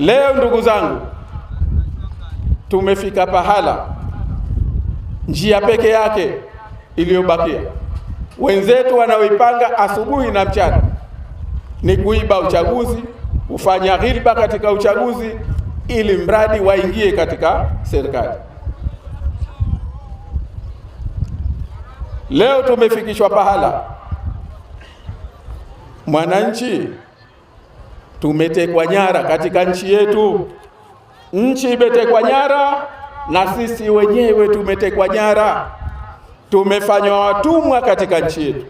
Leo ndugu zangu, tumefika pahala, njia peke yake iliyobakia wenzetu wanaoipanga asubuhi na mchana ni kuiba uchaguzi, kufanya ghilba katika uchaguzi, ili mradi waingie katika serikali. Leo tumefikishwa pahala mwananchi tumetekwa nyara katika nchi yetu. Nchi imetekwa nyara na sisi wenyewe tumetekwa nyara, tumefanywa watumwa katika nchi yetu.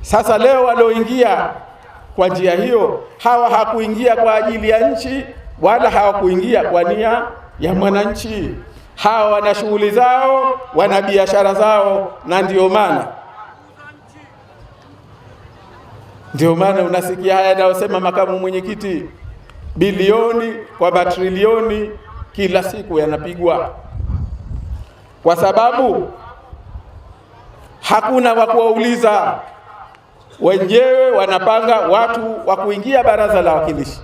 Sasa leo walioingia kwa njia hiyo, hawa hakuingia kwa ajili ya nchi wala hawakuingia kwa nia ya mwananchi. Hawa wana shughuli zao, wana biashara zao, na ndio maana Ndio maana unasikia haya anayosema makamu mwenyekiti, bilioni kwa matrilioni kila siku yanapigwa, kwa sababu hakuna wa kuwauliza. Wenyewe wanapanga watu wa kuingia baraza la wakilishi,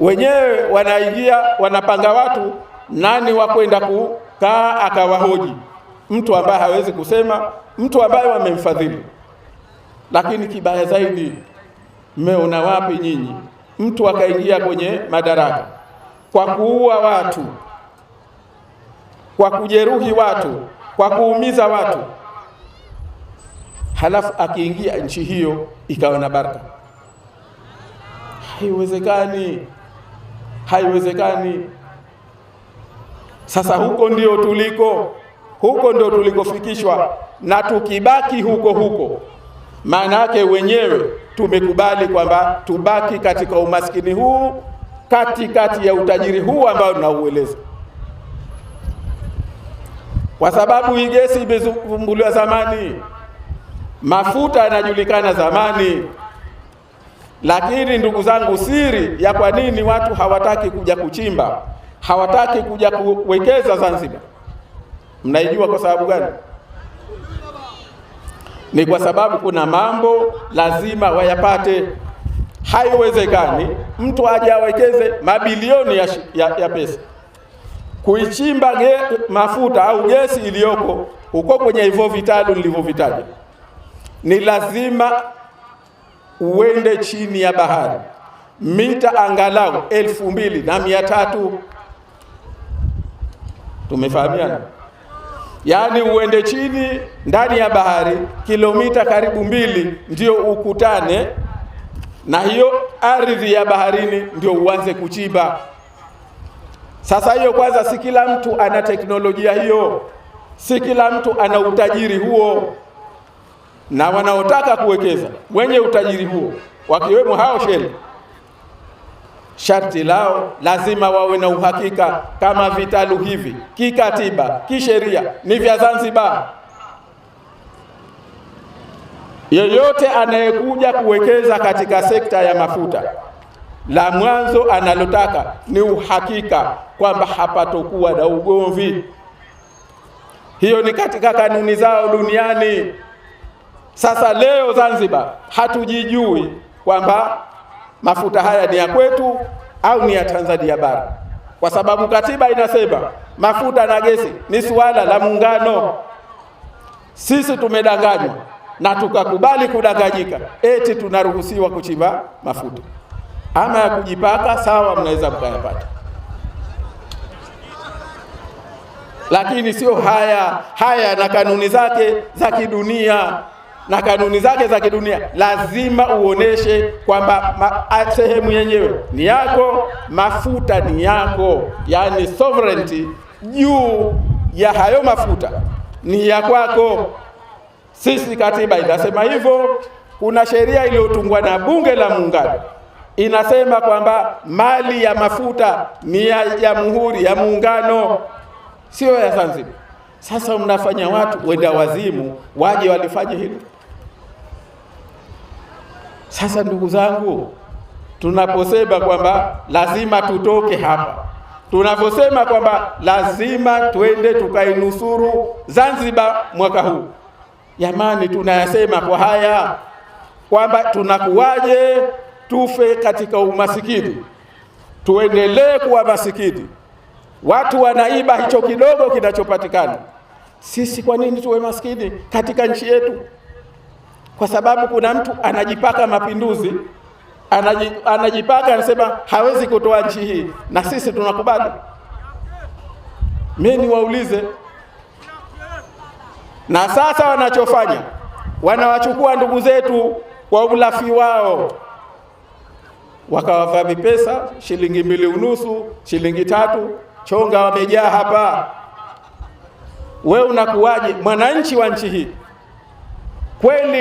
wenyewe wanaingia wanapanga watu nani wa kwenda kukaa akawahoji, mtu ambaye hawezi kusema, mtu ambaye wamemfadhili. Lakini kibaya zaidi, mmeona wapi nyinyi mtu akaingia kwenye madaraka kwa kuua watu, kwa kujeruhi watu, kwa kuumiza watu, halafu akiingia nchi hiyo ikawa na baraka? Haiwezekani, haiwezekani. Sasa huko ndio tuliko, huko ndio tulikofikishwa, na tukibaki huko huko maana yake wenyewe tumekubali kwamba tubaki katika umaskini huu katikati kati ya utajiri huu ambao tunaueleza, kwa sababu hii gesi imezumbuliwa zamani, mafuta yanajulikana zamani. Lakini ndugu zangu, siri ya kwa nini watu hawataki kuja kuchimba, hawataki kuja kuwekeza Zanzibar, mnaijua kwa sababu gani? ni kwa sababu kuna mambo lazima wayapate. Haiwezekani mtu aje awekeze mabilioni ya, ya, ya pesa kuichimba ge, mafuta au gesi iliyoko huko kwenye hivyo vitalu nilivyovitaja. Ni lazima uende chini ya bahari mita angalau elfu mbili na mia tatu. Tumefahamiana? yaani uende chini ndani ya bahari kilomita karibu mbili ndio ukutane na hiyo ardhi ya baharini, ndio uanze kuchimba. Sasa hiyo kwanza, si kila mtu ana teknolojia hiyo, si kila mtu ana utajiri huo, na wanaotaka kuwekeza wenye utajiri huo wakiwemo hao Shell Sharti lao lazima wawe na uhakika kama vitalu hivi kikatiba, kisheria ni vya Zanzibar. Yeyote anayekuja kuwekeza katika sekta ya mafuta, la mwanzo analotaka ni uhakika kwamba hapatokuwa na ugomvi. Hiyo ni katika kanuni zao duniani. Sasa leo Zanzibar hatujijui kwamba mafuta haya ni ya kwetu au ni ya Tanzania bara, kwa sababu katiba inasema mafuta na gesi ni suala la muungano. Sisi tumedanganywa na tukakubali kudanganyika, eti tunaruhusiwa kuchimba mafuta ama ya kujipaka. Sawa, mnaweza mkayapata, lakini sio haya haya na kanuni zake za kidunia na kanuni zake za kidunia, lazima uoneshe kwamba sehemu yenyewe ni yako, mafuta ni yako, yani sovereignty juu ya hayo mafuta ni ya kwako. Sisi katiba inasema hivyo. Kuna sheria iliyotungwa na bunge la Muungano inasema kwamba mali ya mafuta ni ya Jamhuri ya Muungano, sio ya Zanzibar. Sasa mnafanya watu wenda wazimu waje walifanye hilo. Sasa ndugu zangu, tunaposema kwamba lazima tutoke hapa, tunaposema kwamba lazima twende tukainusuru Zanzibar mwaka huu, jamani, tunayasema kwa haya kwamba tunakuwaje tufe katika umasikini, tuendelee kuwa masikini, watu wanaiba hicho kidogo kinachopatikana. Sisi kwa nini tuwe masikini katika nchi yetu? kwa sababu kuna mtu anajipaka mapinduzi, anajipaka anasema hawezi kutoa nchi hii, na sisi tunakubali. Mimi niwaulize, na sasa wanachofanya wanawachukua ndugu zetu kwa ulafi wao wakawavaa vipesa shilingi mbili unusu shilingi tatu, chonga wamejaa hapa. We unakuwaje mwananchi wa nchi hii kweli?